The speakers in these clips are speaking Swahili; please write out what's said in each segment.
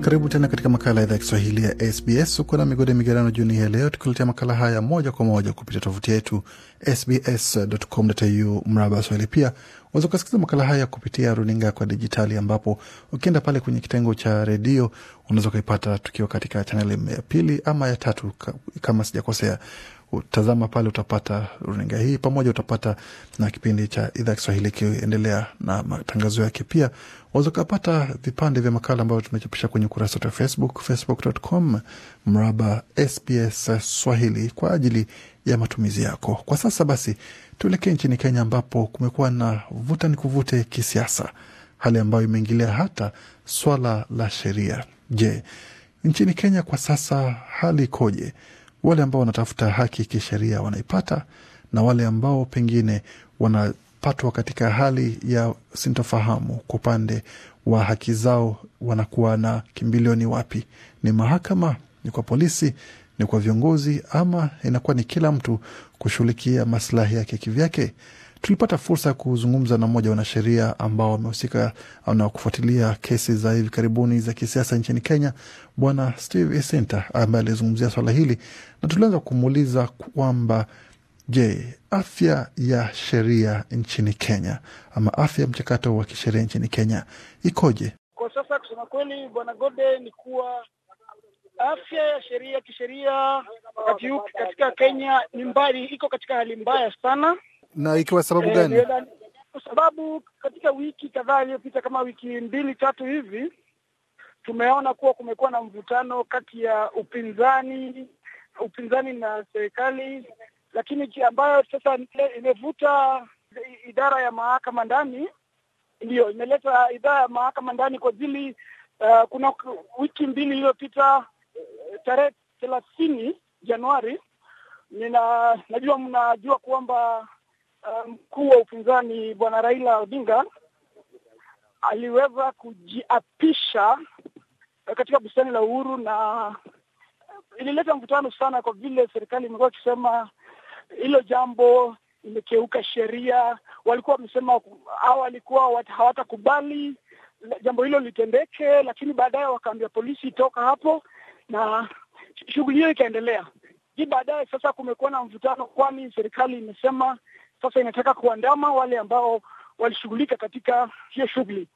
Karibu tena katika makala ya idhaa ya Kiswahili ya SBS. Uko na migode migerano jioni hii leo, tukuletea makala haya moja kwa moja kupitia tovuti yetu sbs.com.au mraba swahili. Pia unaweza ukasikiliza makala haya kupitia runinga kwa dijitali, ambapo ukienda pale kwenye kitengo cha redio unaweza ukaipata tukiwa katika chaneli ya pili ama ya tatu, kama sijakosea tazama pale, utapata runinga hii pamoja, utapata na kipindi cha idhaa Kiswahili ikiendelea na matangazo yake. Pia waweza ukapata vipande vya makala ambavyo tumechapisha kwenye ukurasa wetu wa Facebook, facebook.com mraba SBS Swahili kwa ajili ya matumizi yako. Kwa sasa basi, tuelekee nchini Kenya ambapo kumekuwa na vuta ni kuvute kisiasa, hali ambayo imeingilia hata swala la sheria. Je, nchini Kenya kwa sasa hali ikoje? wale ambao wanatafuta haki kisheria wanaipata, na wale ambao pengine wanapatwa katika hali ya sintofahamu kwa upande wa haki zao, wanakuwa na kimbilio ni wapi? Ni mahakama? Ni kwa polisi? Ni kwa viongozi? Ama inakuwa ni kila mtu kushughulikia maslahi yake kivyake? Tulipata fursa ya kuzungumza na mmoja wanasheria ambao wamehusika na kufuatilia kesi za hivi karibuni za kisiasa nchini Kenya, Bwana Steve Isenta ambaye alizungumzia swala hili, na tulianza kumuuliza kwamba je, afya ya sheria nchini Kenya ama afya ya mchakato wa kisheria nchini Kenya ikoje kwa sasa? Kusema kweli, Bwana Gode, ni kuwa afya ya sheria kisheria katika Kenya ni mbali, iko katika hali mbaya sana na ikiwa sababu eh, gani? kwa sababu katika wiki kadhaa iliyopita kama wiki mbili tatu hivi tumeona kuwa kumekuwa na mvutano kati ya upinzani upinzani na serikali, lakini ambayo sasa imevuta idara ya mahakama ndani, ndiyo imeleta idara ya mahakama ndani kwa ajili uh, kuna wiki mbili iliyopita eh, tarehe thelathini Januari nina najua mnajua kwamba Uh, mkuu um, wa upinzani bwana Raila Odinga aliweza kujiapisha katika bustani la Uhuru na ilileta mvutano sana, kwa vile serikali imekuwa ikisema hilo jambo imekeuka sheria. Walikuwa wamesema au walikuwa hawatakubali jambo hilo litendeke, lakini baadaye wakaambia polisi toka hapo, na shughuli hiyo ikaendelea. Hii baadaye sasa kumekuwa na mvutano, kwani serikali imesema sasa inataka kuandama wale ambao walishughulika katika hiyo shughuli,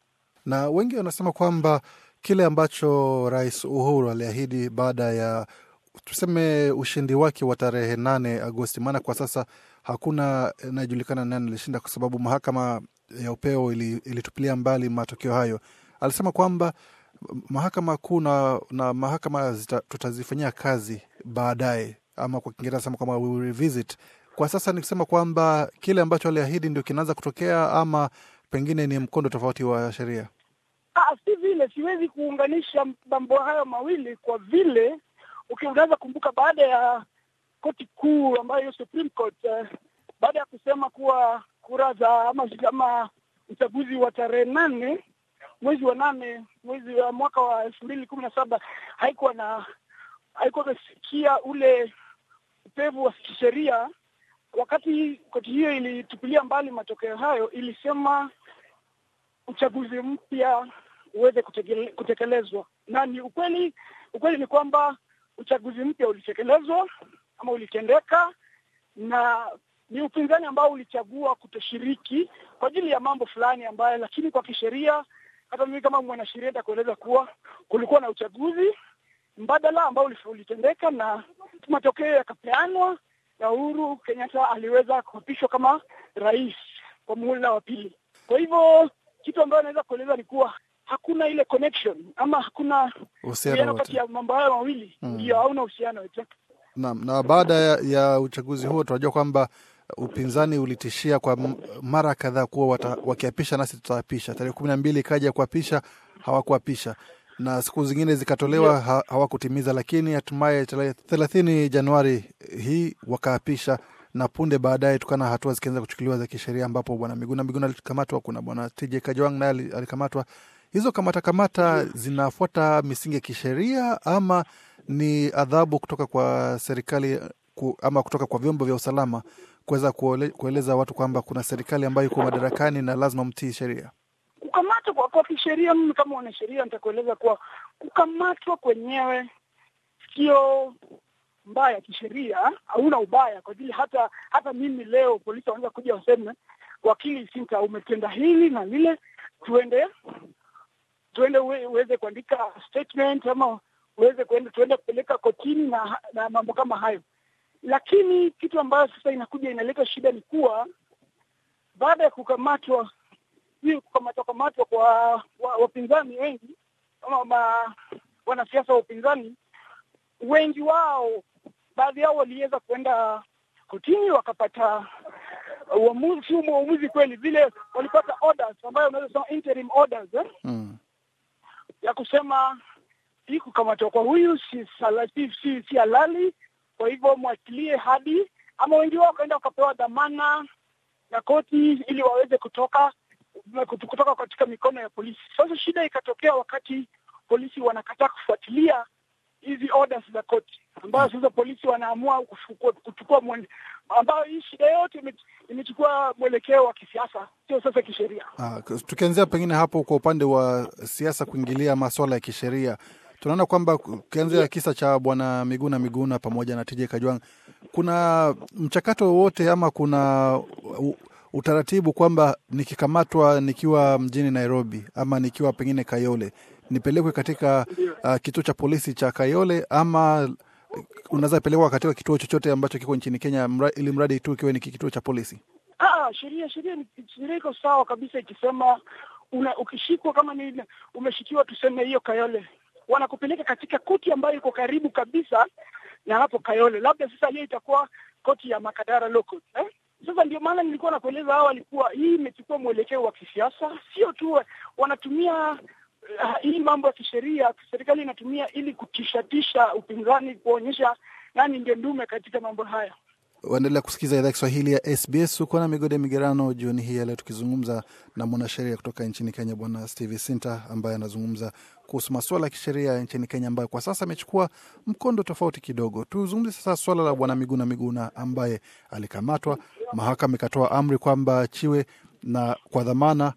na wengi wanasema kwamba kile ambacho Rais Uhuru aliahidi baada ya tuseme ushindi wake wa tarehe nane Agosti, maana kwa sasa hakuna inayojulikana nani alishinda, kwa sababu mahakama ya upeo ilitupilia ili mbali matokeo hayo. Alisema kwamba mahakama kuu na, na mahakama tutazifanyia kazi baadaye, ama kwa Kiingereza sema kwamba we will revisit kwa sasa ni kusema kwamba kile ambacho aliahidi ndio kinaanza kutokea, ama pengine ni mkondo tofauti wa sheria? Ah, si vile, siwezi kuunganisha mambo hayo mawili kwa vile ukiunaweza kumbuka, baada ya koti kuu ambayo Supreme Court eh, baada ya kusema kuwa kura za ama, ama uchaguzi wa tarehe nane mwezi wa nane mwezi wa mwaka wa elfu mbili kumi na saba haikuwa na haikuwa imefikia ule upevu wa kisheria Wakati koti hiyo ilitupilia mbali matokeo hayo, ilisema uchaguzi mpya uweze kutekelezwa, na ni ukweli. Ukweli ni kwamba uchaguzi mpya ulitekelezwa ama ulitendeka, na ni upinzani ambao ulichagua kutoshiriki kwa ajili ya mambo fulani ambayo, lakini kwa kisheria, hata mimi kama mwanasheria nitakueleza kuwa kulikuwa na uchaguzi mbadala ambao ulitendeka na matokeo yakapeanwa ya Uhuru Kenyatta aliweza kuapishwa kama rais kwa muhula wa pili. Kwa hivyo kitu ambayo anaweza kueleza ni kuwa hakuna ile connection ama hakuna uhusiano kati ya mambo hayo mawili hmm. ndio, mm. hauna uhusiano naam. Na baada ya, ya uchaguzi huo tunajua kwamba upinzani ulitishia kwa mara kadhaa kuwa wakiapisha nasi tutaapisha. Tarehe kumi na mbili ikaja kuapisha, hawakuapisha na siku zingine zikatolewa yeah. ha, hawakutimiza, lakini hatimaye thelathini Januari hii wakaapisha, na punde baadaye tukana hatua zikianza kuchukuliwa za kisheria, ambapo bwana Miguna Miguna alikamatwa, kuna bwana TJ Kajwang' naye alikamatwa. Hizo kamata kamata yeah. zinafuata misingi ya kisheria ama ni adhabu kutoka kwa serikali ku, ama kutoka kwa vyombo vya usalama kuweza kueleza watu kwamba kuna serikali ambayo iko madarakani na lazima mtii sheria? kwa kisheria, mimi kama mwanasheria nitakueleza kuwa kukamatwa kwenyewe sio mbaya kisheria, hauna ubaya kwa ajili hata hata mimi leo polisi wanaweza kuja waseme, wakili Sinta, umetenda hili na lile, tuende tuende uweze kuandika statement ama uweze kuenda tuende kupeleka kotini na, na mambo kama hayo. Lakini kitu ambayo sasa inakuja inaleta shida ni kuwa baada ya kukamatwa hii kukamatwa kamatwa kwa wapinzani wa wengi ama wanasiasa wa upinzani wengi wao, baadhi yao waliweza kuenda kotini wakapata uamuzi, si uamuzi kweli, vile walipata orders ambayo unaweza sema interim orders eh? Mm. ya kusema hii kukamatwa kwa huyu si halali, si, si si, kwa hivyo mwachilie hadi ama wengi wao wakaenda wakapewa dhamana na koti ili waweze kutoka kutoka katika mikono ya polisi. Sasa shida ikatokea wakati polisi wanakataa kufuatilia hizi orders za koti ambayo sasa polisi wanaamua kuchukua mwende, ambayo hii shida yote imechukua mwelekeo wa kisiasa, sio sasa kisheria. Ah, tukianzia pengine hapo kwa upande wa siasa kuingilia masuala ya kisheria, tunaona kwamba ukianzia kisa cha bwana Miguna Miguna pamoja na TJ Kajwang', kuna mchakato wowote ama kuna utaratibu kwamba nikikamatwa nikiwa mjini Nairobi ama nikiwa pengine Kayole nipelekwe katika uh, kituo cha polisi cha Kayole ama unaweza pelekwa katika kituo chochote ambacho kiko nchini Kenya mra, ili mradi tu kiwe ni kituo cha polisi? Ah, ah sheria sheria sheria iko sawa kabisa ikisema una, ukishikwa kama ni umeshikiwa tuseme hiyo Kayole, wanakupeleka katika koti ambayo iko karibu kabisa na hapo Kayole. Labda sasa hiyo itakuwa koti ya Makadara local eh? Sasa ndio maana nilikuwa nakueleza hao walikuwa hii imechukua mwelekeo wa kisiasa, sio tu wanatumia uh, hii mambo ya kisheria serikali inatumia ili kutishatisha upinzani, kuonyesha nani ndio ndume katika mambo haya. Waendelea kusikiza idhaa Kiswahili ya SBS. Uko na migode migerano jioni hii yaleo, tukizungumza na mwanasheria kutoka nchini Kenya Bwana Steve Sinta ambaye anazungumza kuhusu masuala ya kisheria nchini Kenya ambayo kwa sasa amechukua mkondo tofauti kidogo. Tuzungumze sasa swala la Bwana Miguna Miguna ambaye alikamatwa, mahakama ikatoa amri kwamba achiwe na kwa dhamana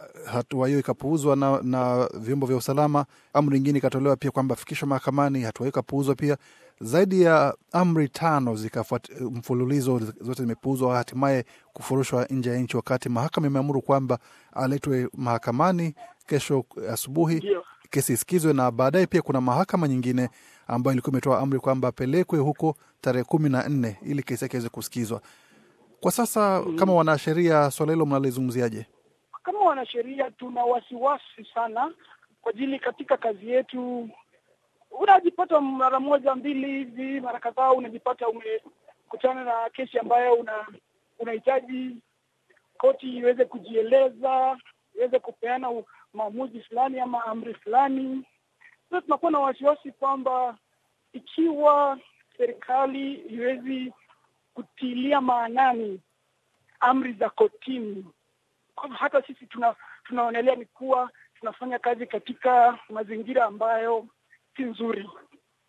eh, hatua hiyo ikapuuzwa na, na vyombo vya usalama. Amri ingine ikatolewa pia kwamba afikishwe mahakamani, hatua hiyo ikapuuzwa pia. Zaidi ya amri tano zikafuata mfululizo, zote zimepuuzwa, hatimaye kufurushwa nje ya nchi, wakati mahakama imeamuru kwamba aletwe mahakamani kesho asubuhi, kesi isikizwe. Na baadaye pia kuna mahakama nyingine ambayo ilikuwa imetoa amri kwamba apelekwe huko tarehe kumi na nne ili kesi yake iweze kusikizwa. Kwa sasa mm, kama wanasheria, swala hilo mnalizungumziaje? Kama wanasheria tuna wasiwasi sana kwa ajili katika kazi yetu unajipata mara moja mbili hivi, mara kadhaa unajipata umekutana na kesi ambayo una unahitaji koti iweze kujieleza, iweze kupeana maamuzi fulani ama amri fulani. Sasa tunakuwa na wasiwasi kwamba ikiwa serikali iwezi kutilia maanani amri za kotini, hata sisi tuna, tunaonelea ni kuwa tunafanya kazi katika mazingira ambayo si nzuri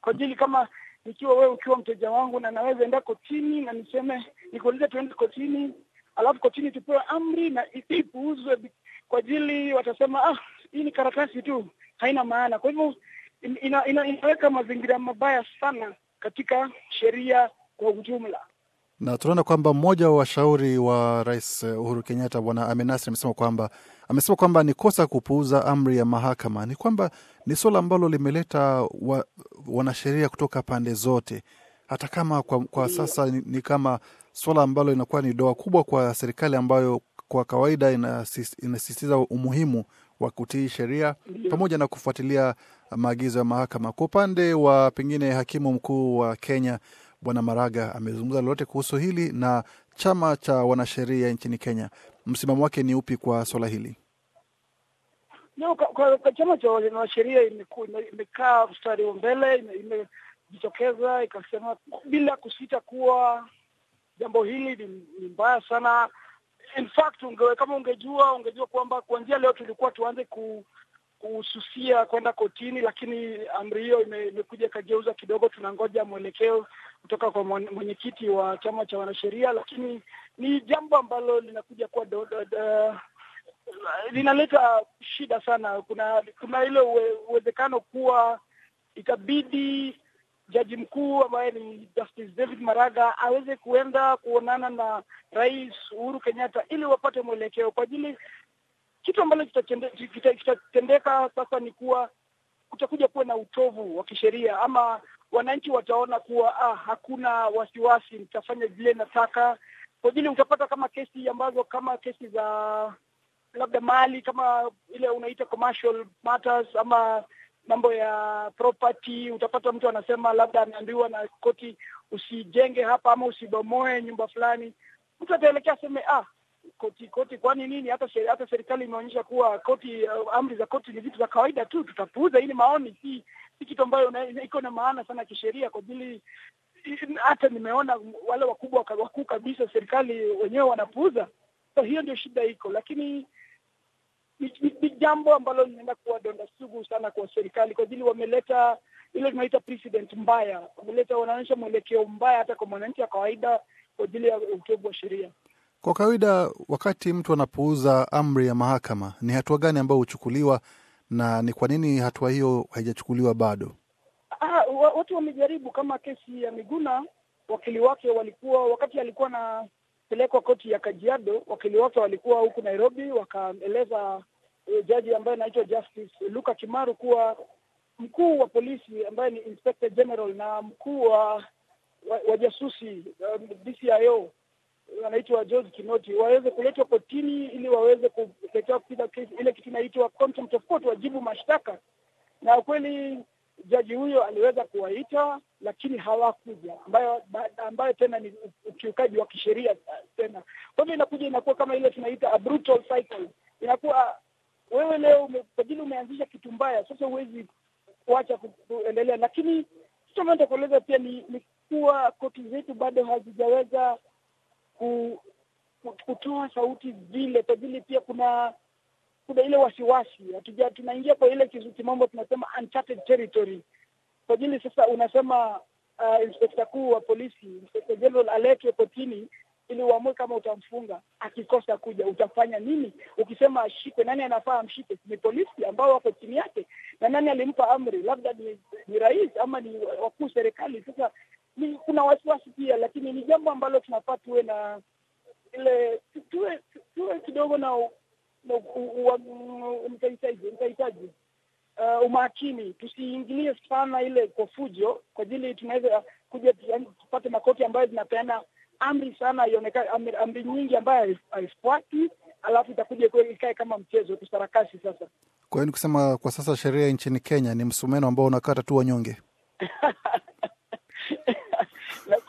kwa ajili kama nikiwa wewe ukiwa mteja wangu, na naweza enda kotini na niseme nikuulize, tuende kotini, alafu kotini tupewe amri na ipuuzwe kwa ajili watasema, ah, hii ni karatasi tu, haina maana. Kwa hivyo ina, ina, inaweka mazingira mabaya sana katika sheria kwa ujumla na tunaona kwamba mmoja wa washauri wa Rais Uhuru Kenyatta Bwana Amenasri amesema kwamba amesema kwamba ni kosa kupuuza amri ya mahakama, ni kwamba ni suala ambalo limeleta wa, wanasheria kutoka pande zote, hata kama kwa, kwa sasa ni, ni kama suala ambalo inakuwa ni doa kubwa kwa serikali ambayo kwa kawaida inasisitiza umuhimu wa kutii sheria pamoja na kufuatilia maagizo ya mahakama. Kwa upande wa pengine hakimu mkuu wa Kenya Bwana Maraga amezungumza lolote kuhusu hili na chama cha wanasheria nchini Kenya msimamo wake ni upi kwa swala hili? kwa chama cha wanasheria imekaa mstari wa mbele, imejitokeza ikasema bila kusita kuwa jambo hili ni mbaya sana. In fact, kama ungejua ungejua kwamba kuanzia leo tulikuwa tuanze ku kuhususia kwenda kotini, lakini amri hiyo imekuja ikageuza kidogo. Tunangoja mwelekeo kutoka kwa mwenyekiti wa chama cha wanasheria, lakini ni jambo ambalo linakuja kuwa do, do, do, linaleta shida sana. Kuna kuna ile uwezekano kuwa itabidi jaji mkuu ambaye ni Justice David Maraga aweze kuenda kuonana na Rais Uhuru Kenyatta ili wapate mwelekeo kwa ajili kitu ambacho kitatendeka kita, kita sasa ni kuwa kutakuja kuwa na utovu wa kisheria, ama wananchi wataona kuwa ah, hakuna wasiwasi, nitafanya vile nataka kwa ajili. Utapata kama kesi ambazo kama kesi za labda mali kama ile unaita commercial matters ama mambo ya property, utapata mtu anasema labda anaambiwa na koti, usijenge hapa ama usibomoe nyumba fulani, mtu ataelekea aseme ah koti koti, kwani nini? Hata sheria, hata serikali imeonyesha kuwa koti uh, amri za koti ni vitu vya kawaida tu, tutapuuza ili maoni, si si kitu ambayo iko na maana sana kisheria kwa ajili hata nimeona wale wakubwa wakuu kabisa serikali wenyewe wanapuuza. So hiyo ndio shida iko, lakini ni jambo ambalo linaenda kuwa donda sugu sana kwa serikali, kwa ajili wameleta ile tunaita president mbaya, wameleta wanaonyesha mwelekeo mbaya hata kwa mwananchi wa kawaida kwa ajili ya utovu wa sheria. Kwa kawaida, wakati mtu anapouza amri ya mahakama, ni hatua gani ambayo huchukuliwa na ni kwa nini hatua hiyo haijachukuliwa bado? Ah, watu wamejaribu. Kama kesi ya Miguna, wakili wake walikuwa, wakati alikuwa anapelekwa koti ya Kajiado, wakili wake walikuwa huku Nairobi, wakaeleza e, jaji ambaye anaitwa Justice Luka Kimaru kuwa mkuu wa polisi ambaye ni Inspector General na mkuu wa wajasusi wa um, DCIO wanaitwa George Kinoti waweze kuletwa kotini ili waweze kupelekewa kupiga kesi ile kitu inaitwa contempt of court, wajibu mashtaka. Na kweli jaji huyo aliweza kuwaita, lakini hawakuja, ambayo ambayo tena ni ukiukaji wa kisheria tena. Kwa hivyo inakuja inakuwa kama ile tunaita a brutal cycle, inakuwa wewe leo pengine umeanzisha kitu mbaya, sasa huwezi kuacha kuendelea. Lakini sitaenda kueleza pia ni, ni kuwa koti zetu bado hazijaweza ku, ku, kutoa sauti zile. Pengine pia kuna kuna ile wasiwasi, hatuja tunaingia kwa ile kizukimambo tunasema uncharted territory. Pengine sasa unasema uh, inspekta kuu wa polisi inspekta general aletwe kotini ili uamue kama utamfunga. Akikosa kuja utafanya nini? Ukisema ashikwe, nani anafaa amshike? Ni polisi ambao wako chini yake, na nani alimpa amri? Labda ni, ni rais ama ni wakuu serikali. Sasa kuna wasiwasi pia, lakini ni jambo ambalo tunafaa tuwe na ile tuwe tuwe kidogo na mtahitaji Uh, umakini tusiingilie sana ile kwa fujo, kwa ajili tunaweza kuja tupate makoti ambayo zinapeana amri sana, ionekane amri, amri nyingi ambayo haifuati, alafu itakuja ikae kama mchezo tusarakasi. Sasa kwa hiyo ni kusema kwa sasa sheria nchini Kenya ni msumeno ambao unakata tu wanyonge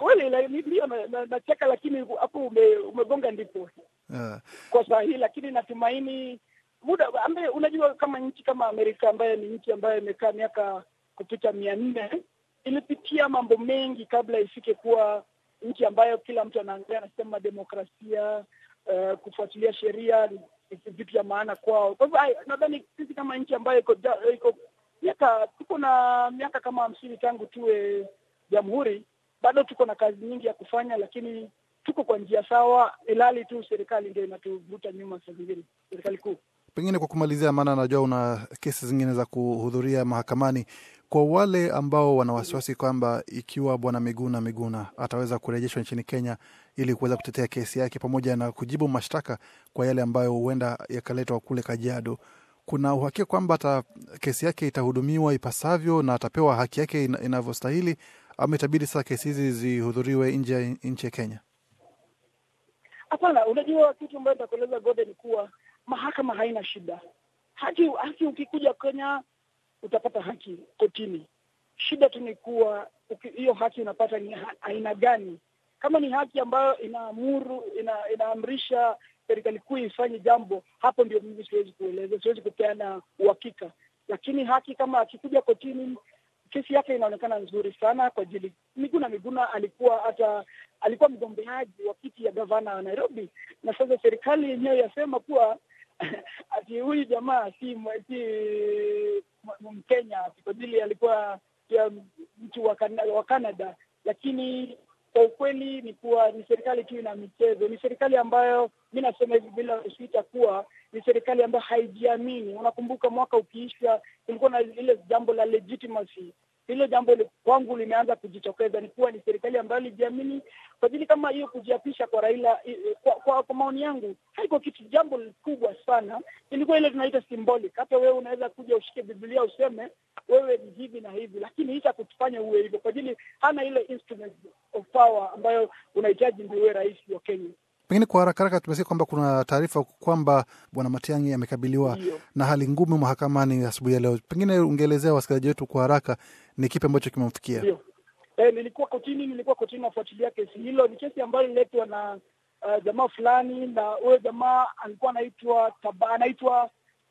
kweli ndio nacheka, lakini hapo ume, umegonga ndipo ah. Kwa saa hii lakini natumaini muda ambaye unajua kama nchi kama Amerika ambayo ni nchi ambayo imekaa miaka kupita mia nne ilipitia mambo mengi kabla ifike kuwa nchi ambayo kila mtu anaangalia anasema demokrasia, uh, kufuatilia sheria ni vitu vya maana kwao. Kwa hivyo nadhani sisi kama nchi ambayo iko miaka tuko na miaka kama hamsini tangu tuwe jamhuri bado tuko na kazi nyingi ya kufanya, lakini tuko kwa njia sawa, ilali tu serikali ndio inatuvuta nyuma saa zingine, serikali kuu. Pengine kwa kumalizia, maana najua una kesi zingine za kuhudhuria mahakamani, kwa wale ambao wana wasiwasi kwamba ikiwa bwana Miguna Miguna ataweza kurejeshwa nchini Kenya ili kuweza kutetea kesi yake pamoja na kujibu mashtaka kwa yale ambayo huenda yakaletwa kule Kajiado, kuna uhakika kwamba kesi yake itahudumiwa ipasavyo na atapewa haki yake inavyostahili, ama itabidi sasa kesi hizi zihudhuriwe nje nchi ya Kenya? Hapana, unajua kitu ambayo nitakueleza Gode ni kuwa mahakama haina shida. Haki, haki ukikuja Kenya utapata haki kotini. Shida tu ni kuwa hiyo haki unapata ni aina gani? Kama ni haki ambayo inaamuru ina, inaamrisha serikali kuu ifanye jambo, hapo ndio mimi siwezi kueleza, siwezi kupeana uhakika. Lakini haki kama akikuja kotini, kesi yake inaonekana nzuri sana kwa ajili Miguna Miguna alikuwa hata alikuwa mgombeaji wa kiti ya gavana wa Nairobi, na sasa serikali yenyewe yasema kuwa ati huyu jamaa si Mkenya, kwa ajili alikuwa mtu wa canada lakini kwa ukweli ni kuwa ni serikali tu ina michezo. Ni serikali ambayo mi nasema hivi bila sita kuwa ni serikali ambayo haijiamini. Unakumbuka mwaka ukiisha, kulikuwa na lile jambo la legitimacy hilo jambo li, kwangu limeanza kujitokeza, ni kuwa ni serikali ambayo lijiamini kwa ajili kama hiyo kujiapisha kwa Raila. Kwa, kwa, kwa maoni yangu haiko kitu jambo kubwa sana, ilikuwa ile tunaita symbolic. Hata wewe unaweza kuja ushike Biblia useme wewe ni hivi na hivi, lakini hita kutufanya uwe hivyo, kwa ajili hana ile instrument of power ambayo unahitaji ndio uwe rais wa Kenya. Pengine kwa haraka haraka tumesikia kwamba kuna taarifa kwamba Bwana Matiang'i amekabiliwa na hali ngumu mahakamani asubuhi ya leo. Pengine ungeelezea wasikilizaji wetu kwa haraka ni kipi ambacho kimemfikia? E, nilikuwa kotini, nilikuwa kotini nafuatilia kesi hilo. Ni kesi ambayo ililetwa na uh, jamaa fulani, na huyo jamaa alikuwa anaitwa taba, anaitwa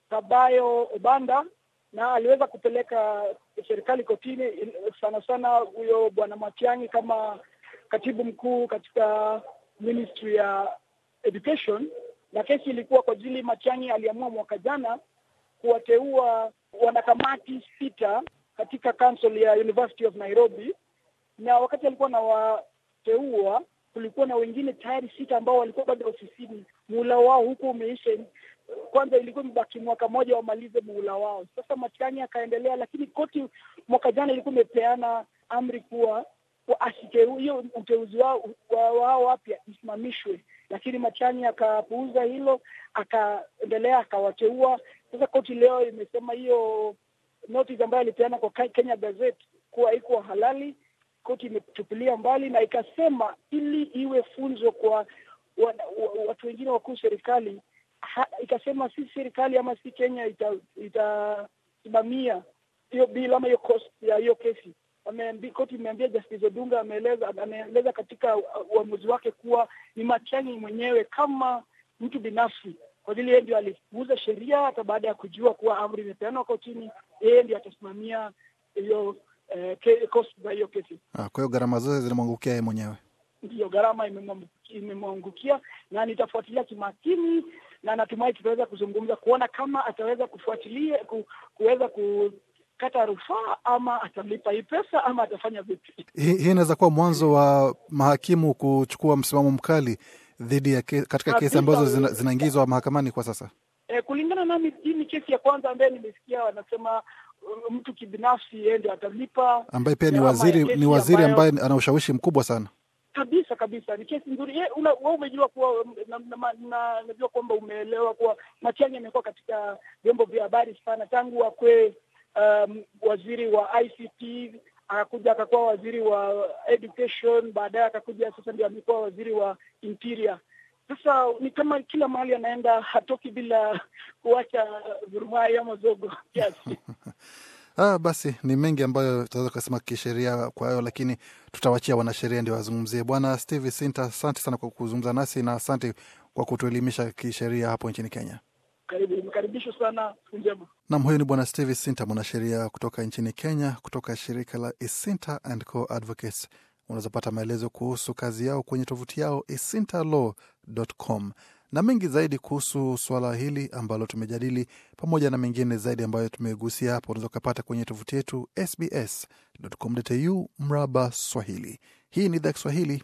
Tabayo Obanda na aliweza kupeleka serikali kotini, eh, sana sana huyo bwana Matiang'i kama katibu mkuu katika ministry ya education, na kesi ilikuwa kwa ajili Matiang'i aliamua mwaka jana kuwateua wanakamati sita katika council ya University of Nairobi, na wakati alikuwa anawateua kulikuwa na wengine tayari sita ambao walikuwa bado ofisini, muhula wao huku umeisha. Kwanza ilikuwa imebaki mwaka mmoja wamalize muhula wao. Sasa Matiang'i akaendelea, lakini koti mwaka jana ilikuwa imepeana amri kuwa hiyo uteuzi wao wao wapya isimamishwe, lakini Matiang'i akapuuza hilo, akaendelea akawateua. Sasa koti leo imesema hiyo notice ambayo alipeana kwa Kenya Gazette kuwa iko halali, koti imetupilia mbali na ikasema ili iwe funzo kwa watu wengine wakuu serikali ha, ikasema si serikali ama si Kenya itasimamia ita hiyo bila ama hiyo kesi koti imeambia Justice Odunga ameeleza ameeleza katika uamuzi wake kuwa ni Matiang'i mwenyewe kama mtu binafsi, kwa ajili yeye ndio alipuuza sheria. Hata baada ya kujua kuwa amri imepeanwa kotini, yeye ndio atasimamia hiyo eh, cost za hiyo kesi. Ah, kwa hiyo gharama zote zinamwangukia yeye mwenyewe, ndiyo gharama imemwangukia, na nitafuatilia kimakini na natumai tutaweza kuzungumza kuona kama ataweza kufuatilia ku, kuweza ku, atakata rufaa ama atalipa hii pesa ama atafanya vipi? Hii inaweza kuwa mwanzo wa mahakimu kuchukua msimamo mkali dhidi ya ke, katika kesi ambazo zinaingizwa zina mahakamani kwa sasa. E, kulingana nami, hii ni kesi ya kwanza ambaye nimesikia wanasema um, mtu kibinafsi yeye ndio atalipa, ambaye pia ni waziri ni waziri ambaye ana ushawishi mkubwa sana kabisa kabisa. Ni kesi nzuri. Wewe umejua kuwa um, najua kwamba umeelewa kuwa Matiang'i amekuwa katika vyombo vya habari sana tangu akwe um, waziri wa ICT, akakuja akakuwa waziri wa education, baadaye akakuja sasa ndio amekuwa waziri wa interior. Sasa ni kama kila mahali anaenda hatoki bila kuacha vurumai ama zogo kiasi. Ah, basi ni mengi ambayo tunaweza kusema kisheria kwa hayo, lakini tutawachia wanasheria ndio wazungumzie. Bwana Steve Sinta, asante sana kwa kuzungumza nasi na asante kwa kutuelimisha kisheria hapo nchini Kenya karibu, nimekaribishwa sana. Siku njema. Nam, huyu ni Bwana Steve Sinta, mwanasheria kutoka nchini Kenya, kutoka shirika la Isinta and Co Advocates. Unaweza pata maelezo kuhusu kazi yao kwenye tovuti yao isintalaw.com na mengi zaidi kuhusu suala hili ambalo tumejadili pamoja na mengine zaidi ambayo tumegusia hapo, unaweza ukapata kwenye tovuti yetu sbs.com.au mraba Swahili. Hii ni idhaa Kiswahili